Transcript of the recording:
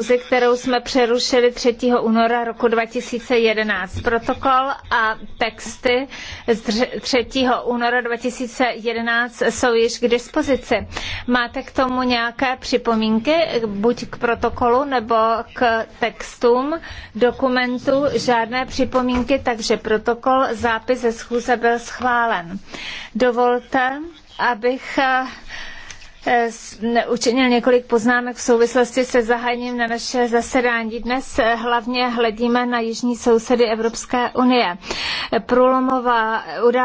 schůzi, kterou jsme přerušili 3. února roku 2011. Protokol a texty z 3. února 2011 jsou již k dispozici. Máte k tomu nějaké připomínky, buď k protokolu nebo k textům dokumentu? Žádné připomínky, takže protokol, zápis ze schůze byl schválen. Dovolte, abych eh, Eh, učinil několik poznámek v souvislosti se zahájením na naše zasedání. Dnes eh, hlavně hledíme na jižní sousedy Evropské unie. Eh, Průlomová událost